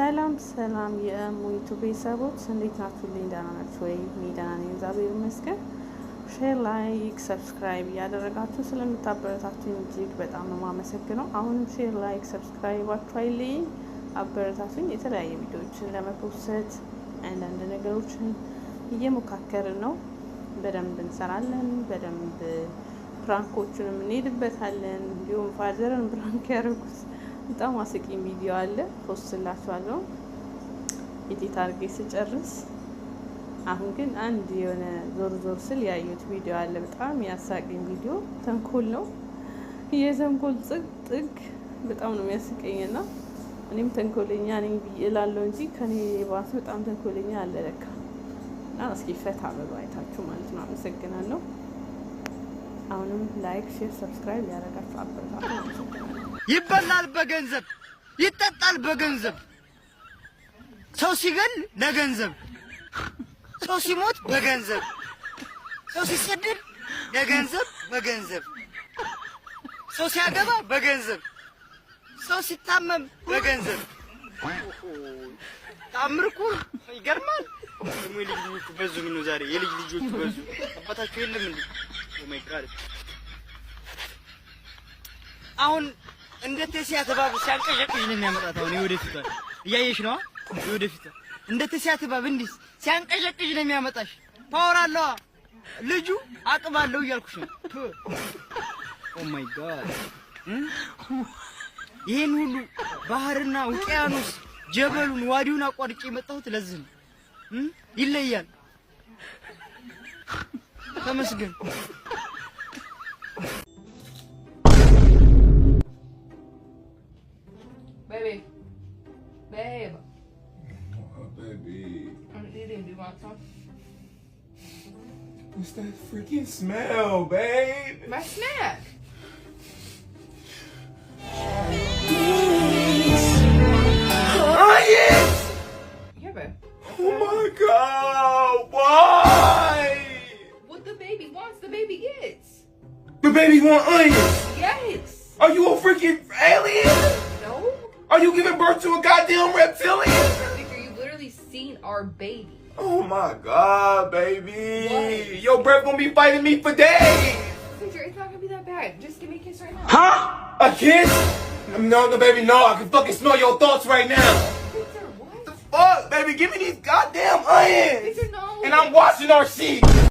ሰላም ሰላም የሙይቱ ቤተሰቦች እንዴት ናችሁ? ልኝ ደህና ናችሁ ወይ? እኔ ነኝ እግዚአብሔር ይመስገን። ሼር፣ ላይክ፣ ሰብስክራይብ እያደረጋችሁ ስለምታበረታቱኝ እጅግ በጣም ነው የማመሰግነው። አሁንም ሼር፣ ላይክ፣ ሰብስክራይባችሁ አይለኝ፣ አበረታችሁኝ። የተለያየ ቪዲዮዎችን ለመፖሰት አንዳንድ ነገሮችን እየሞካከርን ነው። በደንብ እንሰራለን፣ በደንብ ፕራንኮቹንም እንሄድበታለን። እንዲሁም ፋዘርን ፕራንክ ያደረጉት በጣም አስቂኝ ቪዲዮ አለ ፖስት ስላችኋለሁ ኤዲት አድርጌ ስጨርስ። አሁን ግን አንድ የሆነ ዞር ዞር ስል ያዩት ቪዲዮ አለ በጣም ያሳቂኝ ቪዲዮ፣ ተንኮል ነው የተንኮል ጥግ ጥግ በጣም ነው ና እኔም ተንኮለኛ ነኝ እላለሁ እንጂ ከኔ ባስ በጣም ተንኮለኛ አለ ለካ። እና እስኪ ፈታ በሉ አይታችሁ ማለት ነው። አመሰግናለሁ። አሁንም ላይክ፣ ሼር፣ ሰብስክራይብ ያደረጋችሁ አመሰግናለሁ። ይበላል በገንዘብ ይጠጣል በገንዘብ ሰው ሲገል ለገንዘብ ሰው ሲሞት በገንዘብ ሰው ሲሰደድ ለገንዘብ በገንዘብ ሰው ሲያገባ በገንዘብ ሰው ሲታመም በገንዘብ ታምር እኮ ይገርማል። ደግሞ የልጅ ልጆቹ በዙ። ምነው ዛሬ የልጅ ልጆቹ በዙ። አባታቸው የለም እንዴ? ኦ ማይ ጋድ አሁን እንደ ተሲያ ተባብ ሲያንቀሸቅሽ ነው የሚያመጣት። አሁን የወደፊቷ እያየሽ ነዋ የወደፊቷ እንደ ተሲያ ተባብ እንዲህ ሲያንቀሸቅሽ ነው የሚያመጣሽ። ፓወር አለዋ ልጁ አቅም አለው እያልኩሽ ነው። ኦ ማይ ጋድ! ይህን ሁሉ ባህርና ውቅያኖስ ጀበሉን ዋዲውን አቋርጬ የመጣሁት ለዚህ ነው። ይለያል። ተመስገን Babe. Oh, baby. I'm eating. Do want What's that freaking smell, babe? My snack. Oh Ryan! Here, babe. Oh my god, why? What the baby wants, the baby gets. The baby wants onions? Yes. Are you a freaking alien? Are you giving birth to a goddamn reptilian? Victor, you've literally seen our baby. Oh my god, baby. What? Your breath gonna be fighting me for days. Victor, it's not gonna be that bad. Just give me a kiss right now. Huh? A kiss? No, no, baby, no. I can fucking smell your thoughts right now. Victor, what? The fuck, baby? Give me these goddamn onions. Victor, no. And I'm washing our sheets.